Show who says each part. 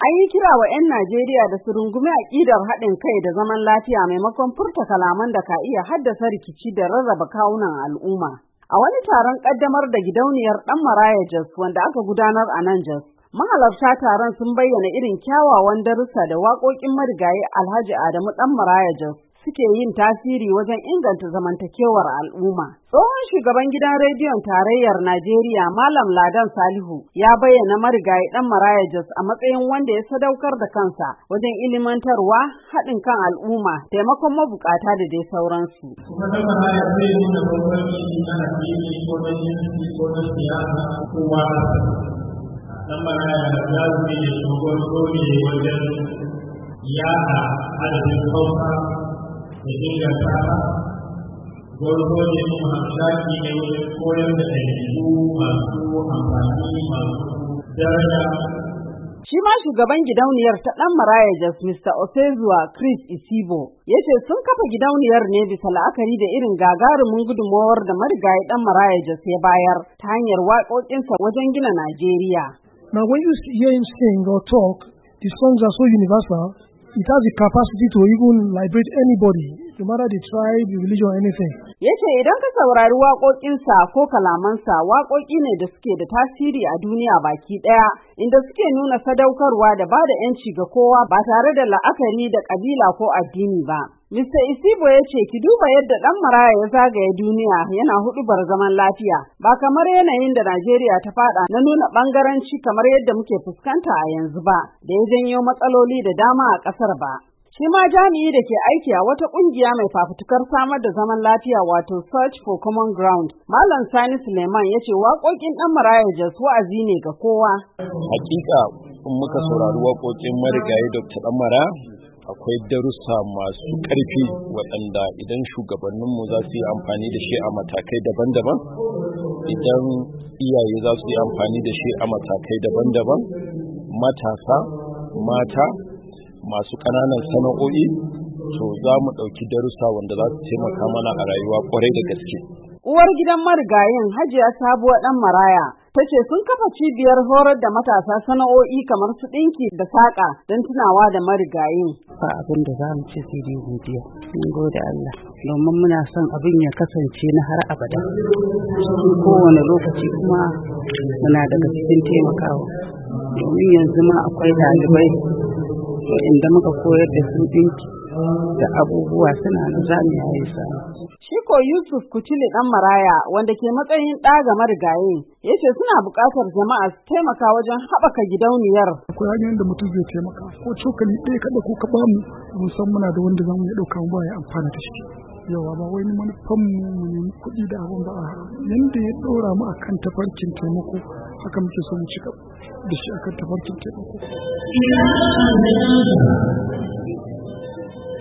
Speaker 1: An yi kira wa 'yan Najeriya da su rungumi aƙidar haɗin kai da zaman lafiya maimakon furta kalaman da ka iya haddasa rikici da rarraba kawunan al'umma. A wani taron ƙaddamar da gidauniyar ɗan Maraya Jos wanda aka gudanar a nan Jos, mahalarta taron sun bayyana irin kyawawan darussa da waƙoƙin marigayi Alhaji Adamu ɗan Maraya Jos suke yin tasiri wajen inganta zamantakewar al'umma. Tsohon shugaban gidan rediyon tarayyar Najeriya Malam Ladan Salihu ya bayyana marigayi ɗan Maraya Jos a matsayin wanda ya sadaukar da kansa wajen ilimantarwa, haɗin kan al'umma, taimakon mabukata da dai sauransu.
Speaker 2: Dan adadin hausa da inganta ba gwargwaje mu hamsaki ne wajen koyar da ɗabi'u masu amfani masu daraja
Speaker 1: Shi ma shugaban gidauniyar ta ɗan Maraya Jas Mr. Osezuwa Chris Isibo ya ce sun kafa gidauniyar ne bisa la'akari da irin gagarumin gudunmawar da marigayi ɗan Maraya Jas ya bayar ta hanyar waƙoƙinsa wajen gina Najeriya.
Speaker 2: Now when you hear him sing or talk, the songs are so universal It has the capacity to even liberate anybody,
Speaker 1: no matter the tribe, the religion, or anything. Ya ce idan ka saurari waƙoƙinsa ko kalamansa waƙoƙi ne da suke da tasiri a duniya baki ɗaya, inda suke nuna sadaukarwa da bada ‘yanci ga kowa ba tare da la'akari da ƙabila ko addini ba. Mista Isibo ya ce ki duba yadda ɗan maraya ya zagaya duniya yana bar zaman lafiya ba kamar yanayin da Najeriya ta fada na nuna ɓangaranci kamar yadda muke fuskanta a yanzu ba da ya janyo matsaloli da dama a ƙasar ba. Shi ma jami'i da ke aiki a wata ƙungiya mai fafutukar samar da zaman lafiya wato Search for Common Ground. Malam Sani Suleiman ya ce waƙoƙin ɗan maraya jas wa'azi ne ga kowa. Hakika
Speaker 2: in muka saurari waƙoƙin marigayi Dr. Ɗanmara akwai darussa masu ƙarfi waɗanda idan shugabanninmu za su yi amfani da shi a matakai daban-daban idan iyaye za su yi amfani da shi a matakai daban-daban matasa mata masu ƙananan sana'o'i to za mu ɗauki darussa wanda za su taimaka mana a rayuwa ƙwarai da gaske
Speaker 1: uwar gidan marigayin hajiya sabuwa ɗan maraya ta ce sun kafa cibiyar horar da matasa sana'o'i kamar su ɗinki da saƙa don tunawa da marigayin. Ba abin da za mu ce sai dai godiya. Mun gode Allah. Domin muna son abin ya kasance na har abada. Kowane lokaci kuma muna daga cikin taimakawa. Domin yanzu ma akwai ɗalibai inda muka koyar da su ɗinki da abubuwa suna na za mu yi sa. Shiko Yusuf Kutili ɗan Maraya wanda ke matsayin ɗa ga marigaye ya ce suna buƙatar jama'a su taimaka wajen haɓaka gidauniyar. Akwai hanyoyin da mutum zai taimaka ko cokali ɗaya kaɗa ko ka ba mu san muna da wanda za mu iya ɗauka mu ba ya amfana
Speaker 2: da shi. Yawa ba wani manufan mu mu nemi kuɗi da abin ba a yanda ya ɗora mu akan tafarkin taimako haka muke so mu cika da shi akan tafarkin taimako.